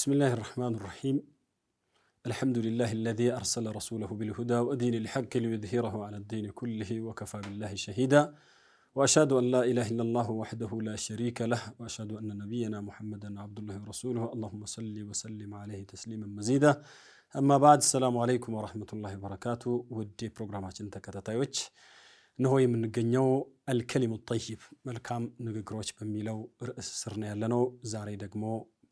بسم الله الرحمن الرحيم الحمد لله الذي أرسل رسوله بالهدى ودين الحق ليظهره على الدين كله وكفى بالله شهيدا وأشهد أن لا إله إلا الله وحده لا شريك له وأشهد أن نبينا محمدا عبد الله ورسوله اللهم صل وسلم عليه تسليما مزيدا أما بعد السلام عليكم ورحمة الله وبركاته ودي ፕሮግራማችን ተከታታዮች እነሆ من አልከሊሙ الكلم الطيب ملكام በሚለው بميلو ስር ነው ያለነው زاري ደግሞ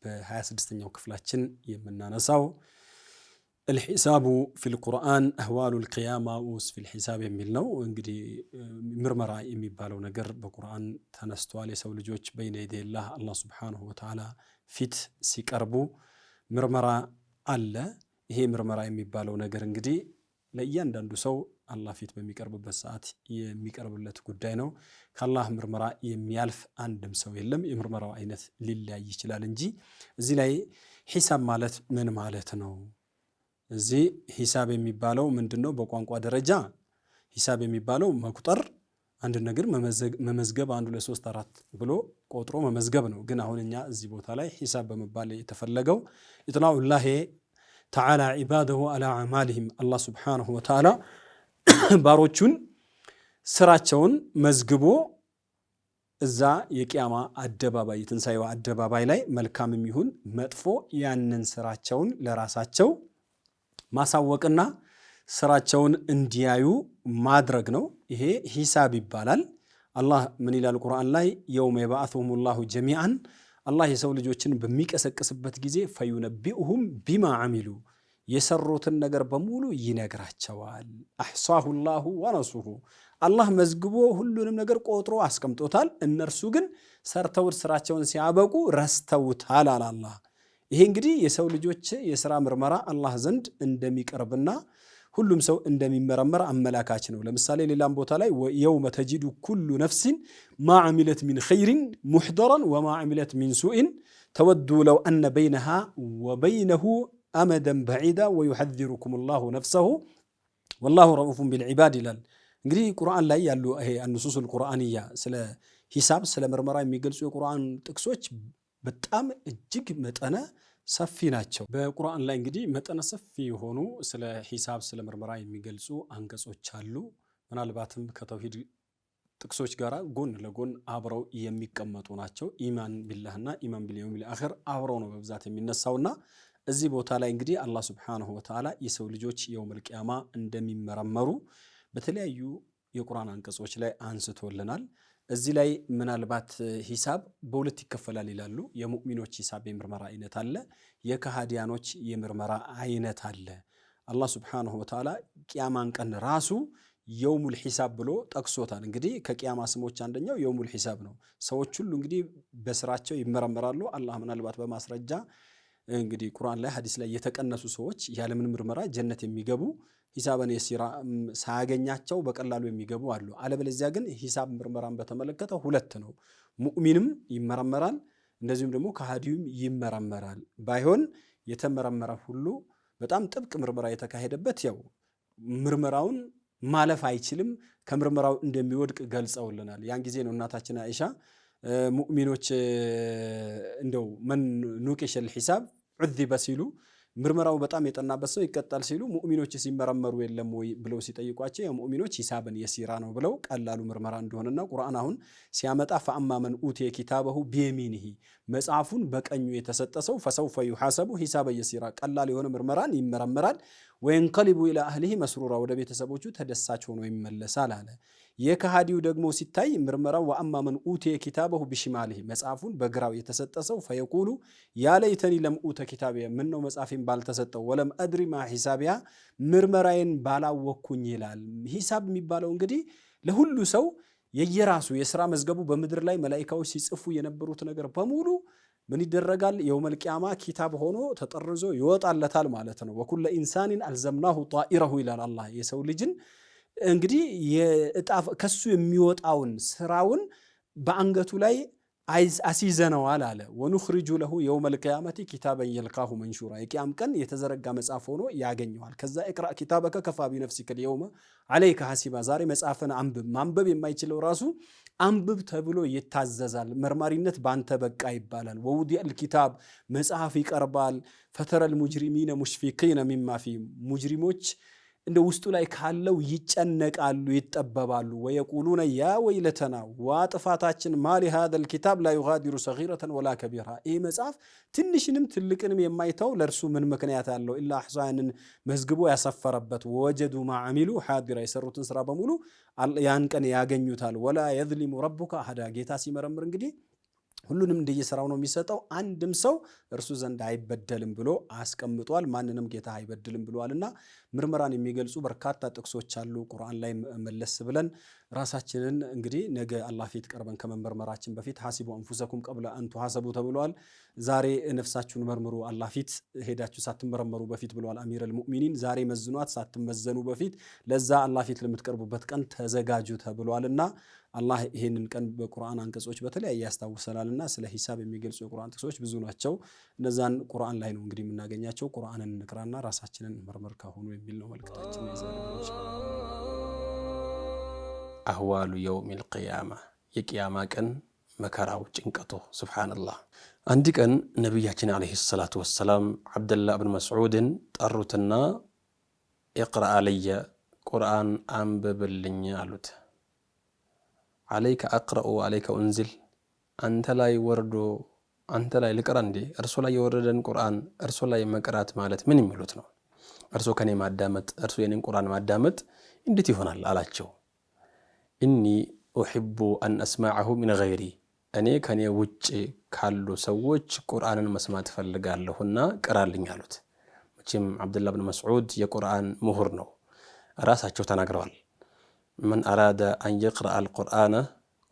በ26ኛው ክፍላችን የምናነሳው አልሒሳቡ ፊልቁርአን ቁርአን አህዋሉል ቂያማ ወስፊል የሚል ነው። እንግዲህ ምርመራ የሚባለው ነገር በቁርአን ተነስቷል። የሰው ልጆች በይነ የደላህ አላህ ሱብሓነሁ ወተዓላ ፊት ሲቀርቡ ምርመራ አለ። ይሄ ምርመራ የሚባለው ነገር እንግዲህ ለእያንዳንዱ ሰው አላህ ፊት በሚቀርብበት ሰዓት የሚቀርብለት ጉዳይ ነው። ከአላህ ምርመራ የሚያልፍ አንድም ሰው የለም። የምርመራው አይነት ሊለያይ ይችላል እንጂ እዚህ ላይ ሂሳብ ማለት ምን ማለት ነው? እዚህ ሂሳብ የሚባለው ምንድን ነው? በቋንቋ ደረጃ ሂሳብ የሚባለው መቁጠር አንድ ነገር መመዝገብ አንዱ ለሶስት አራት ብሎ ቆጥሮ መመዝገብ ነው። ግን አሁን እኛ እዚህ ቦታ ላይ ሂሳብ በመባል የተፈለገው ኢጥላዑላሂ ተዓላ ዒባደሁ አላ አዕማሊሂም አላህ ሱብሓነሁ ወተዓላ ባሮቹን ስራቸውን መዝግቦ እዛ የቅያማ አደባባይ የትንሣኤው አደባባይ ላይ መልካም የሚሆን መጥፎ ያንን ስራቸውን ለራሳቸው ማሳወቅና ስራቸውን እንዲያዩ ማድረግ ነው። ይሄ ሂሳብ ይባላል። አላህ ምን ይላል ቁርአን ላይ የውመ የባአትሁም ላሁ ጀሚአን አላህ የሰው ልጆችን በሚቀሰቅስበት ጊዜ ፈዩነቢኡሁም ቢማ አሚሉ የሰሩትን ነገር በሙሉ ይነግራቸዋል። አሕሳሁ ላሁ ወነሱሁ አላህ መዝግቦ ሁሉንም ነገር ቆጥሮ አስቀምጦታል። እነርሱ ግን ሰርተውት ስራቸውን ሲያበቁ ረስተውታል አለ አላህ። ይሄ እንግዲህ የሰው ልጆች የስራ ምርመራ አላህ ዘንድ እንደሚቀርብና ሁሉም ሰው እንደሚመረመር አመላካች ነው። ለምሳሌ ሌላም ቦታ ላይ የውመ ተጂዱ ኩሉ ነፍሲን ማ ዓሚለት ሚን ኸይሪን ሙሕደራን ወማ ዓሚለት ሚን ሱኢን ተወዱ ለው አነ በይነሃ ወበይነሁ አመደን በዒዳ ወዩሐዚሩኩም ላሁ ነፍሰሁ ወላሁ ረኡፉን ቢልዒባድ ይላል። እንግዲህ ቁርአን ላይ ያሉ ይሄ አኑሱሱል ቁርአንያ ስለ ሂሳብ ስለ ምርመራ የሚገልጹ የቁርአን ጥቅሶች በጣም እጅግ መጠነ ሰፊ ናቸው። በቁርአን ላይ እንግዲህ መጠነ ሰፊ የሆኑ ስለ ሂሳብ ስለ ምርመራ የሚገልጹ አንቀጾች አሉ። ምናልባትም ከተውሂድ ጥቅሶች ጋር ጎን ለጎን አብረው የሚቀመጡ ናቸው። ኢማን ቢላህና ኢማን ቢልየውሚል አኺር አብረው ነው በብዛት የሚነሳውና እዚህ ቦታ ላይ እንግዲህ አላህ ሱብሓነሁ ወተዓላ የሰው ልጆች የውመል ቂያማ እንደሚመረመሩ በተለያዩ የቁርአን አንቀጾች ላይ አንስቶልናል። እዚህ ላይ ምናልባት ሂሳብ በሁለት ይከፈላል ይላሉ። የሙእሚኖች ሂሳብ የምርመራ አይነት አለ፣ የከሃዲያኖች የምርመራ አይነት አለ። አላህ ሱብሓነሁ ወተዓላ ቂያማን ቀን ራሱ የውሙል ሂሳብ ብሎ ጠቅሶታል። እንግዲህ ከቅያማ ስሞች አንደኛው የውሙል ሂሳብ ነው። ሰዎች ሁሉ እንግዲህ በስራቸው ይመረመራሉ። አላህ ምናልባት በማስረጃ እንግዲህ ቁርአን ላይ ሀዲስ ላይ የተቀነሱ ሰዎች ያለምን ምርመራ ጀነት የሚገቡ ሂሳብን የሲራ ሳያገኛቸው በቀላሉ የሚገቡ አሉ። አለበለዚያ ግን ሂሳብ ምርመራን በተመለከተ ሁለት ነው። ሙእሚንም ይመረመራል፣ እንደዚሁም ደግሞ ከሃዲዩም ይመረመራል። ባይሆን የተመረመረ ሁሉ በጣም ጥብቅ ምርመራ የተካሄደበት ያው ምርመራውን ማለፍ አይችልም፣ ከምርመራው እንደሚወድቅ ገልጸውልናል። ያን ጊዜ ነው እናታችን አይሻ ሙእሚኖች እንደው መን ኑቅሸል ሒሳብ ዑዚበ ሲሉ ምርመራው በጣም የጠናበት ሰው ይቀጣል ሲሉ ሙእሚኖች ሲመረመሩ የለም ወይ ብለው ሲጠይቋቸው የሙእሚኖች ሂሳብን የሲራ ነው ብለው ቀላሉ ምርመራ እንደሆነና ቁርአን አሁን ሲያመጣ ፈአማመን ኡቴ ኪታበሁ ቢየሚኒሂ መጽሐፉን በቀኙ የተሰጠ ሰው ፈሰውፈ ዩሐሰቡ ሂሳበ የሲራ ቀላል የሆነ ምርመራን ይመረመራል። ወየንቀሊቡ ኢላ አህሊሂ መስሩራ ወደ ቤተሰቦቹ ተደሳች ሆኖ ይመለሳል አለ። የከሃዲው ደግሞ ሲታይ ምርመራው ወአማመን ኡቴ ኪታበሁ ቢሽማሊሂ መጽሐፉን በግራው የተሰጠ ሰው ፈየቁሉ ያለይተኒ ለም ኡተ ኪታቢያ ምን መጽሐፌን ባልተሰጠው ወለም አድሪ ማ ሂሳቢያ ምርመራዬን ባላወኩኝ ይላል። ሂሳብ የሚባለው እንግዲህ ለሁሉ ሰው የየራሱ የስራ መዝገቡ በምድር ላይ መላኢካዎች ሲጽፉ የነበሩት ነገር በሙሉ ምን ይደረጋል? የውመል ቂያማ ኪታብ ሆኖ ተጠርዞ ይወጣለታል ማለት ነው። ወኩለ ኢንሳኒን አልዘምናሁ ጣኢረሁ ይላል አላህ የሰው ልጅን እንግዲህ ከሱ የሚወጣውን ስራውን በአንገቱ ላይ አስይዘነዋል አለ። ወኑኽሪጁ ለሁ የውመል ቂያመቲ ኪታበን የልቃሁ መንሹራ የቅያም ቀን የተዘረጋ መጽሐፍ ሆኖ ያገኘዋል። ከዛ እቅራ ኪታበከ ከፋ ቢነፍሲከ ልየውመ አለይከ ሐሲባ፣ ዛሬ መጽሐፍን አንብብ። ማንበብ የማይችለው ራሱ አንብብ ተብሎ ይታዘዛል። መርማሪነት ባንተ በቃ ይባላል። ወውዲዕ ልኪታብ መጽሐፍ ይቀርባል። ፈተረል ሙጅሪሚነ ሙሽፊቂነ ሚማ ፊህ ሙጅሪሞች እንደ ውስጡ ላይ ካለው ይጨነቃሉ፣ ይጠበባሉ። ወየቁሉነ ያ ወይለተና ዋ ጥፋታችን ማሊ ሃዘል ኪታብ ላ ዩጋዲሩ ሰጊረተን ወላ ከቢራ፣ ይህ መጽሐፍ ትንሽንም ትልቅንም የማይተው ለእርሱ ምን ምክንያት አለው? ኢላ አሕሳንን መዝግቦ ያሰፈረበት ወጀዱ ማዓሚሉ ሓዲራ፣ የሰሩትን ስራ በሙሉ ያን ቀን ያገኙታል። ወላ የዝሊሙ ረቡካ አሐዳ፣ ጌታ ሲመረምር እንግዲህ ሁሉንም እንደየሥራው ነው የሚሰጠው፣ አንድም ሰው እርሱ ዘንድ አይበደልም ብሎ አስቀምጧል። ማንንም ጌታ አይበድልም ብሏልና ምርመራን የሚገልጹ በርካታ ጥቅሶች አሉ ቁርአን ላይ። መለስ ብለን ራሳችንን እንግዲህ ነገ አላህ ፊት ቀርበን ከመመርመራችን በፊት ሐሲቡ አንፉሰኩም ቀብለ አንቱ ሐሰቡ ተብሏል። ዛሬ ነፍሳችሁን መርምሩ አላህ ፊት ሄዳችሁ ሳትመረመሩ በፊት ብሏል አሚረል ሙእሚኒን። ዛሬ መዝኗት ሳትመዘኑ በፊት ለዛ አላህ ፊት ለምትቀርቡበት ቀን ተዘጋጁ ተብሏልና አላህ ይሄንን ቀን በቁርአን አንቀጾች በተለያየ ያስታውሰናልና ስለ ሂሳብ የሚገልጹ የቁርአን ጥቅሶች ብዙ ናቸው። እነዛን ቁርአን ላይ ነው እንግዲህ የምናገኛቸው። ቁርአንን እንቅራና ራሳችንን መርመር ካሁኑ የሚል ነው መልእክታችን። አህዋሉ የውሚል ቅያማ የቅያማ ቀን መከራው ጭንቀቶ ስብሓንላህ። አንድ ቀን ነቢያችን ዓለይሂ ሰላቱ ወሰላም ዓብደላህ ብን መስዑድን ጠሩትና ኢቅራ ቁርአን አንብብልኝ አሉት። አለይከ አቅረኡ አለይከ ኡንዚል አንተ ላይ ወርዶ አንተ ላይ ልቅራ እንዴ? እርሶ ላይ የወረደን ቁርአን እርሶ ላይ መቅራት ማለት ምን የሚሉት ነው? እርሶ ከኔ ማዳመጥ እርሶ የኔን ቁርአን ማዳመጥ እንዴት ይሆናል አላቸው። እኒ ኡሕቡ አን አስማዐሁ ሚን ገይሪ እኔ ከኔ ውጭ ካሉ ሰዎች ቁርአንን መስማት እፈልጋለሁና ቅራልኝ አሉት። መቼም ዓብዱላህ ብን መስዑድ የቁርአን ምሁር ነው፣ ራሳቸው ተናግረዋል። من أراد أن يقرأ القرآن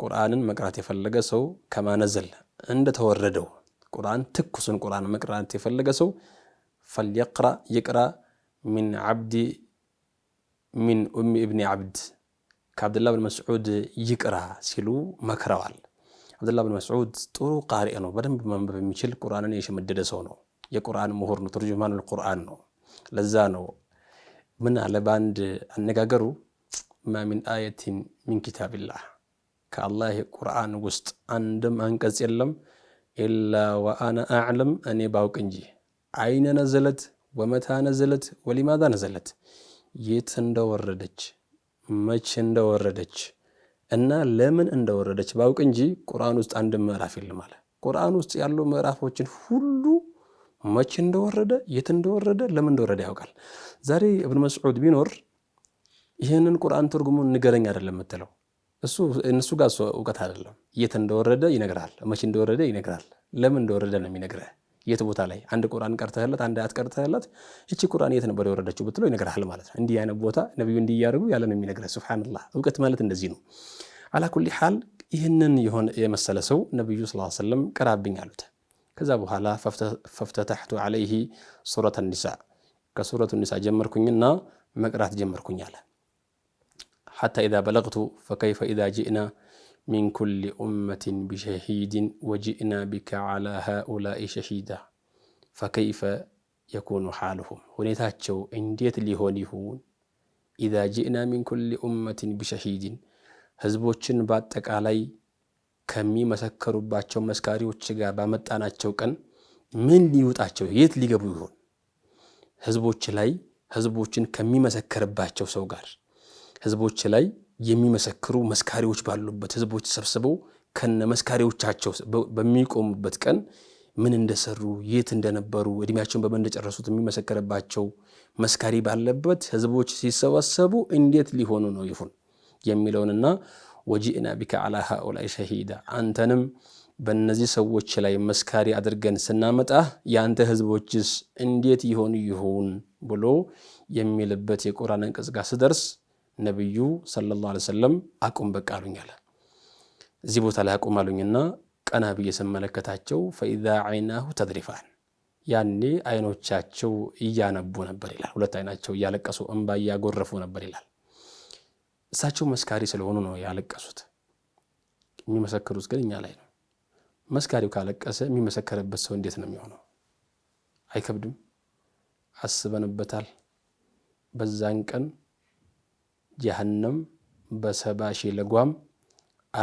قرآن مقرات يفلقسو كما نزل عند توردو قرآن تكسن قرآن مقرات يفلقسو فليقرأ يقرأ من عبد من أم ابن عبد كعبد الله بن مسعود يقرأ سلو مكروال عبد الله بن مسعود تورو قارئ أنه بدن بمن بمشل قرآن نيش مددسونه يا قرآن مهور نترجمان القرآن نو لزانو من على باند النجاجرو ማ ሚን አየትን ሚን ኪታብላህ ከአላህ ቁርአን ውስጥ አንድም አንቀጽ የለም ኢላ ወአነ አዕለም እኔ ባውቅ እንጂ አይነ ነዘለት ወመታ ነዘለት ወሊማዛ ነዘለት የት እንደወረደች መቼ እንደወረደች እና ለምን እንደወረደች ባውቅ እንጂ ቁርአን ውስጥ አንድም ምዕራፍ የለም አለ። ቁርአን ውስጥ ያሉ ምዕራፎችን ሁሉ መቼ እንደወረደ፣ የት እንደወረደ፣ ለምን እንደወረደ ያውቃል። ዛሬ እብን መስዑድ ቢኖር ይህንን ቁርአን ትርጉሙን ንገረኝ አይደለም የምትለው እሱ እነሱ ጋር እውቀት አይደለም። የት እንደወረደ ይነግራል፣ መቼ እንደወረደ ይነግራል፣ ለምን እንደወረደ ነው የሚነግረህ። የት ቦታ ላይ አንድ ቁርአን ቀርተህለት አንድ አያት ቀርተህለት እቺ ቁርአን የት ነበር የወረደችው ብትለው ይነግራል ማለት ነው። እንዲህ አይነት ቦታ ነቢዩ እንዲህ እያደርጉ ያለ ነው የሚነግረህ። ሱብሓነላህ እውቀት ማለት እንደዚህ ነው። አላኩሊ ሓል ይህንን የሆነ የመሰለ ሰው ነቢዩ ስ ሰለም ቅራብኝ አሉት። ከዛ በኋላ ፈፍተታሕቱ ዐለይሂ ሱረት ኒሳ ከሱረቱ ኒሳ ጀመርኩኝና መቅራት ጀመርኩኝ አለ ሓታ ኢዛ በለቅቱ ፈከይፈ ኢዛ ጅእና ሚን ኩሊ ኡመትን ብሸሂድን ወጅእና ቢከ ዓላ ሃኡላኢ ሸሂዳ ፈከይፈ የኩኑ ሓልሁም ሁኔታቸው እንዴት ሊሆን ይሁን? ኢዛ ጅእና ሚን ኩሊ ኡመትን ብሸሂድን ህዝቦችን በአጠቃላይ ከሚመሰከሩባቸው መስካሪዎች ጋር ባመጣናቸው ቀን ምን ሊውጣቸው የት ሊገቡ ይሆን? ህዝቦች ላይ ህዝቦችን ከሚመሰከርባቸው ሰው ጋር ህዝቦች ላይ የሚመሰክሩ መስካሪዎች ባሉበት ህዝቦች ተሰብስበው ከነ መስካሪዎቻቸው በሚቆሙበት ቀን ምን እንደሰሩ የት እንደነበሩ እድሜያቸውን በምን እንደጨረሱት የሚመሰከርባቸው መስካሪ ባለበት ህዝቦች ሲሰበሰቡ እንዴት ሊሆኑ ነው ይሁን የሚለውንና ወጂእና ቢከ አላ ሃኡላይ ሸሂዳ አንተንም በእነዚህ ሰዎች ላይ መስካሪ አድርገን ስናመጣ የአንተ ህዝቦችስ እንዴት ይሆኑ ይሁን ብሎ የሚልበት የቁርአን አንቀጽ ጋር ስደርስ ነቢዩ ሰለላሁ ዐለይሂ ወሰለም አቁም በቃ አሉኝ አለ። እዚህ ቦታ ላይ አቁም አሉኝና ቀና ብዬ ስመለከታቸው ፈኢዛ አይናሁ ተድሪፋን ያኔ አይኖቻቸው እያነቡ ነበር ይላል። ሁለት አይናቸው እያለቀሱ እንባ እያጎረፉ ነበር ይላል። እሳቸው መስካሪ ስለሆኑ ነው ያለቀሱት። የሚመሰክሩት ግን እኛ ላይ ነው። መስካሪው ካለቀሰ የሚመሰከርበት ሰው እንዴት ነው የሚሆነው? አይከብድም? አስበንበታል። በዛን ቀን ጀሀነም በሰባ ሺህ ልጓም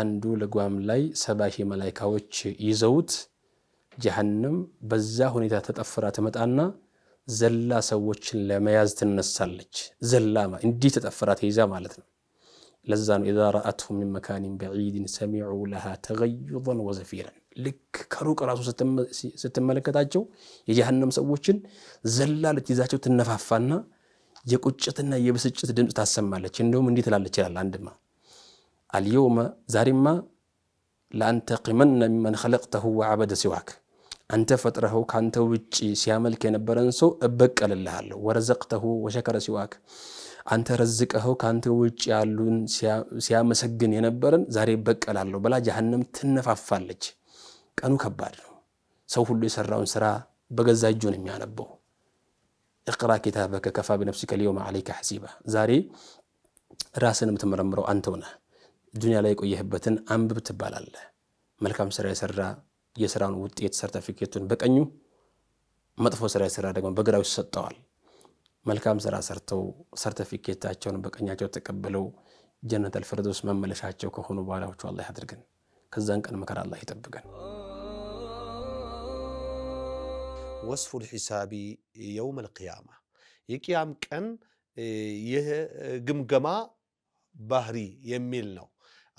አንዱ ልጓም ላይ ሰባ ሺህ መላይካዎች ይዘውት ጀሀነም በዛ ሁኔታ ተጠፍራ ትመጣና ዘላ ሰዎችን ለመያዝ ትነሳለች። ዘላ እንዲህ ተጠፍራ ተይዛ ማለት ነው። ለዛ ነው ኢዛ ረአትሁ ሚን መካኒን በዒድን ሰሚዑ ለሃ ተገዩዘን ወዘፊረን። ልክ ከሩቅ ራሱ ስትመለከታቸው የጀሀነም ሰዎችን ዘላ ልትይዛቸው ትነፋፋና የቁጭትና የብስጭት ድምፅ ታሰማለች። እንደውም እንዲህ ትላለች ይላል አንድማ አልየውመ ዛሬማ ለአንተቂመና ሚመን ኸለቅተሁ ወዐበደ ሲዋክ አንተ ፈጥረኸው ከአንተ ውጭ ሲያመልክ የነበረን ሰው እበቀልልሃለሁ። ወረዘቅተሁ ወሸከረ ሲዋክ አንተ ረዝቀኸው ከአንተ ውጭ ያሉን ሲያመሰግን የነበረን ዛሬ እበቀላለሁ ብላ ጀሃነም ትነፋፋለች። ቀኑ ከባድ ነው። ሰው ሁሉ የሰራውን ስራ በገዛ እጁ ነው የሚያነበው። እቅራ ኪታበከ ከፋ ቢነፍሲከ ልየውመ ዓለይከ ሐሲባ። ዛሬ ራስን የምትመረምረው አንተው ነህ። ዱንያ ላይ የቆየህበትን አንብብ ትባላለህ። መልካም ስራ የሰራ የስራውን ውጤት ሰርተፊኬቱን በቀኙ መጥፎ ስራ የሰራ ደግሞ በግራው ይሰጠዋል። መልካም ስራ ሰርተው ሰርተፊኬታቸውን በቀኛቸው ተቀብለው ጀነት አልፈርዶስ መመለሻቸው ከሆኑ በኋላዎቹ አላህ ያድርገን። ከዛን ቀን መከራ አላህ ይጠብቀን። وصف الحساب يوم القيامة يقيام كان آه، يه جمجمة آه، بهري يميلنا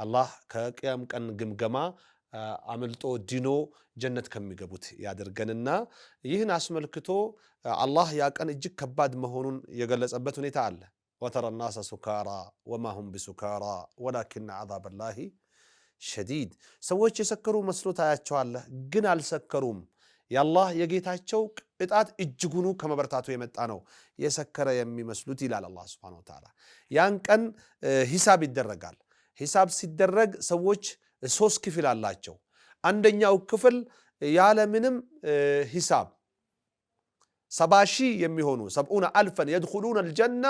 الله كقيام كان جمجمة آه، عملتو دينو جنة كم يجبوت يا در جننا يه ناس ملكتو الله يا كان يجيك كباد مهون يجلس أبتوني تعالى وترى الناس سكارى وما هم بسكارى ولكن عذاب الله شديد سويت يسكروا مسلوت على الله جنال سكروم የአላህ የጌታቸው ቅጣት እጅጉኑ ከመበረታቱ የመጣ ነው የሰከረ የሚመስሉት ይላል አላህ ሱብሓነሁ ወተዓላ። ያን ቀን ሂሳብ ይደረጋል። ሂሳብ ሲደረግ ሰዎች ሶስት ክፍል አላቸው። አንደኛው ክፍል ያለ ምንም ሂሳብ ሰባ ሺህ የሚሆኑ ሰብዑነ አልፈን የድኹሉነ አልጀና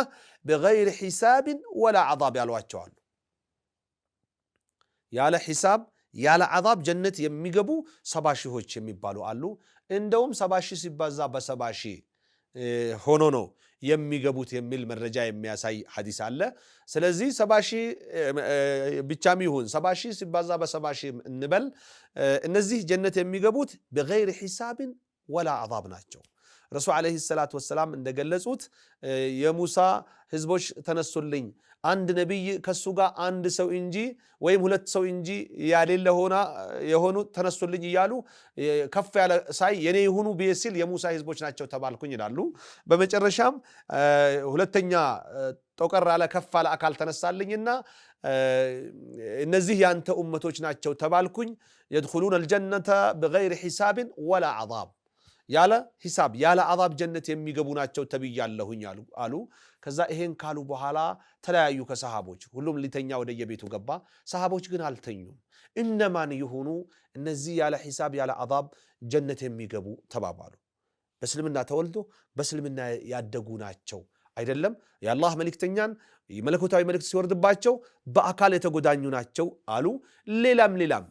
ቢገይሪ ሂሳብን ወላ አዛብ ያሏቸዋሉ ያለ ሂሳብ ያለ አዛብ ጀነት የሚገቡ ሰባ ሺዎች የሚባሉ አሉ። እንደውም ሰባ ሺህ ሲባዛ በሰባ ሺህ ሆኖ ነው የሚገቡት የሚል መረጃ የሚያሳይ ሐዲስ አለ። ስለዚህ ሰባ ሺህ ብቻም ይሁን ሰባ ሺህ ሲባዛ በሰባ ሺህ እንበል። እነዚህ ጀነት የሚገቡት በገይር ሒሳብን ወላ አዛብ ናቸው። ረሱል ዓለይሂ ሰላት ወሰላም እንደገለጹት የሙሳ ህዝቦች ተነሱልኝ፣ አንድ ነቢይ ከሱ ጋር አንድ ሰው እንጂ ወይም ሁለት ሰው እንጂ ያሌለ ሆና የሆኑ ተነሱልኝ እያሉ ከፍ ያለ ሳይ የኔ የሆኑ ብዬ ሲል የሙሳ ህዝቦች ናቸው ተባልኩኝ ይላሉ። በመጨረሻም ሁለተኛ ጦቀር ያለ ከፍ ያለ አካል ተነሳልኝና እነዚህ ያንተ ኡመቶች ናቸው ተባልኩኝ። የድኹሉን አልጀነተ ብገይሪ ሒሳብን ወላ አዛብ። ያለ ሂሳብ ያለ አዛብ ጀነት የሚገቡ ናቸው ተብያለሁኝ አሉ። ከዛ ይሄን ካሉ በኋላ ተለያዩ ከሰሃቦች። ሁሉም ሊተኛ ወደየቤቱ ገባ። ሰሃቦች ግን አልተኙም። እነማን የሆኑ እነዚህ ያለ ሂሳብ ያለ አዛብ ጀነት የሚገቡ ተባባሉ። በእስልምና ተወልዶ በእስልምና ያደጉ ናቸው አይደለም የአላህ መልእክተኛን መለኮታዊ መልእክት ሲወርድባቸው በአካል የተጎዳኙ ናቸው አሉ። ሌላም ሌላም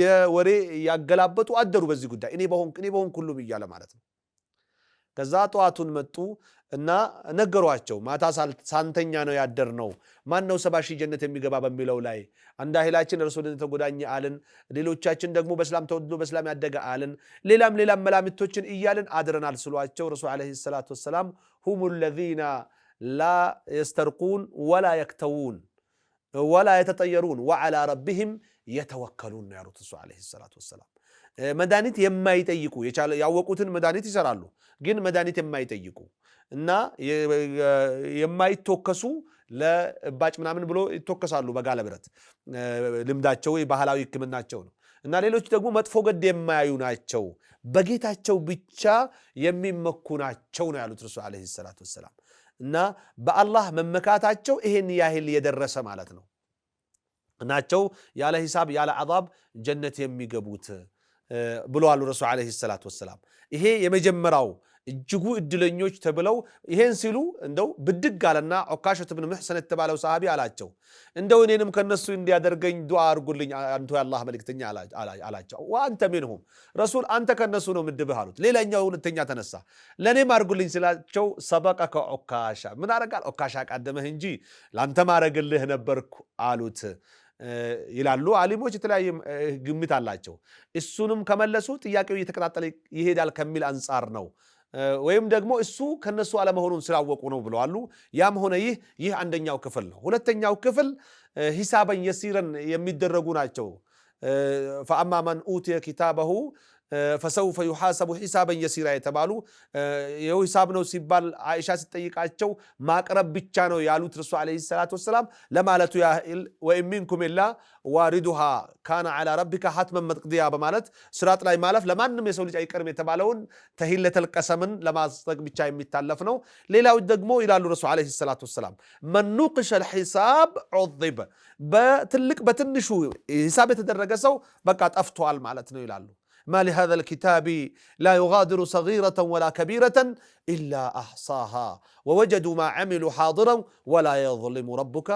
የወሬ ያገላበጡ አደሩ። በዚህ ጉዳይ እኔ በሆንክ እኔ በሆንክ ሁሉም እያለ ማለት ነው። ከዛ ጠዋቱን መጡ እና ነገሯቸው። ማታ ሳንተኛ ነው ያደር ነው ማን ነው ሰባ ሺህ ጀነት የሚገባ በሚለው ላይ አህላችን ረሱልን የተጎዳኘ አልን፣ ሌሎቻችን ደግሞ በስላም ተወድሎ በስላም ያደገ አልን፣ ሌላም ሌላም መላምቶችን እያልን አድረናል ስሏቸው ረሱል ዓለይሂ ሰላቱ ወሰላም ሁሙ ለዚና ላ የስተርቁን ወላ የክተውን ወላ የተጠየሩን ወዓላ ረቢህም የተወከሉን ነው ያሉት እሱ ዓለይሂ ሰላቱ ወሰላም። መድኃኒት የማይጠይቁ ያወቁትን መድኃኒት ይሰራሉ፣ ግን መድኃኒት የማይጠይቁ እና የማይቶከሱ ለእባጭ ምናምን ብሎ ይቶከሳሉ በጋለ ብረት። ልምዳቸው ባህላዊ ሕክምናቸው ነው። እና ሌሎች ደግሞ መጥፎ ገድ የማያዩ ናቸው፣ በጌታቸው ብቻ የሚመኩ ናቸው ነው ያሉት ረሱል ዓለይሂ ሰላቱ ወሰላም። እና በአላህ መመካታቸው ይሄን ያህል የደረሰ ማለት ነው። ናቸው ያለ ሂሳብ ያለ አዛብ ጀነት የሚገቡት ብለዋሉ ረሱል ዓለይሂ ሰላት ወሰላም። ይሄ የመጀመሪያው እጅጉ እድለኞች ተብለው ይሄን ሲሉ እንደው ብድግ አለና ዖካሸት ብን ምሕሰን የተባለው ሰሃቢ አላቸው፣ እንደው እኔንም ከነሱ እንዲያደርገኝ ዱዓ አድርጉልኝ አንቱ የአላህ መልእክተኛ አላቸው። ወአንተ ሚንሁም ረሱል አንተ ከነሱ ነው ምድብህ አሉት። ሌላኛው ሁለተኛ ተነሳ፣ ለእኔም አድርጉልኝ ሲላቸው ሰበቀከ ዖካሻ ምን አረጋል ዖካሻ ቃደመህ እንጂ ለአንተ ማረግልህ ነበርኩ አሉት። ይላሉ አሊሞች። የተለያየ ግምት አላቸው። እሱንም ከመለሱ ጥያቄው እየተቀጣጠለ ይሄዳል ከሚል አንጻር ነው ወይም ደግሞ እሱ ከነሱ አለመሆኑን ስላወቁ ነው ብለዋሉ። ያም ሆነ ይህ ይህ አንደኛው ክፍል ነው። ሁለተኛው ክፍል ሂሳበን የሲረን የሚደረጉ ናቸው። ፈአማ መን ኡትየ ኪታበሁ ፈሰውፈ ዩሓሰቡ ሒሳበን የሲራ የተባሉ ይኸው ሂሳብ ነው ሲባል አይሻ ሲጠይቃቸው ማቅረብ ብቻ ነው ያሉት ረሱ ዓለይሂ ሰላት ወሰላም ለማለቱ ያህል ወኢን ሚንኩም ኢላ ዋሪዱሃ ካነ ዓላ ረቢካ ሀትመን መቅድያ በማለት ስራጥ ላይ ማለፍ ለማንም የሰው ልጅ አይቀርም የተባለውን ተሂለተል ቀሰምን ለማስጠቅ ብቻ የሚታለፍ ነው። ሌላው ደግሞ ይላሉ ረሱ ዓለይሂ ሰላት ወሰላም መን ኑቅሸ ልሒሳብ ዑዚበ በትልቅ በትንሹ ሂሳብ የተደረገ ሰው በቃ ጠፍቷል ማለት ነው ይላሉ። ما لهذا الكتاب لا يغادر صغيرة ولا كبيرة إلا أحصاها ووجدوا ما عملوا حاضرا ولا يظلم ربك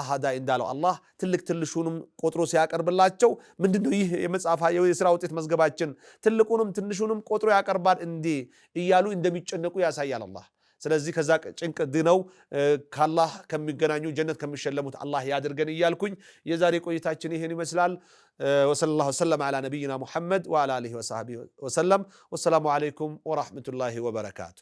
أحدا إن دالو الله تلك تلشونم قطرو سياكر بلاتشو من دنو يه يمس أفايو يسرا وطيت مزقباتشن تلكونم تنشونم قطرو يا كربار اندي إيالو اندمي يا سيال الله ስለዚህ ከዛ ጭንቅ ድነው ከአላህ ከሚገናኙ ጀነት ከሚሸለሙት አላህ ያድርገን እያልኩኝ የዛሬ ቆይታችን ይህን ይመስላል። ወሰለ ላሁ ወሰለም ዓላ ነቢይና ሙሐመድ ወዓላ አሊህ ወሰሐቢ ወሰለም። ወሰላሙ ዓለይኩም ወራህመቱላሂ ወበረካቱ።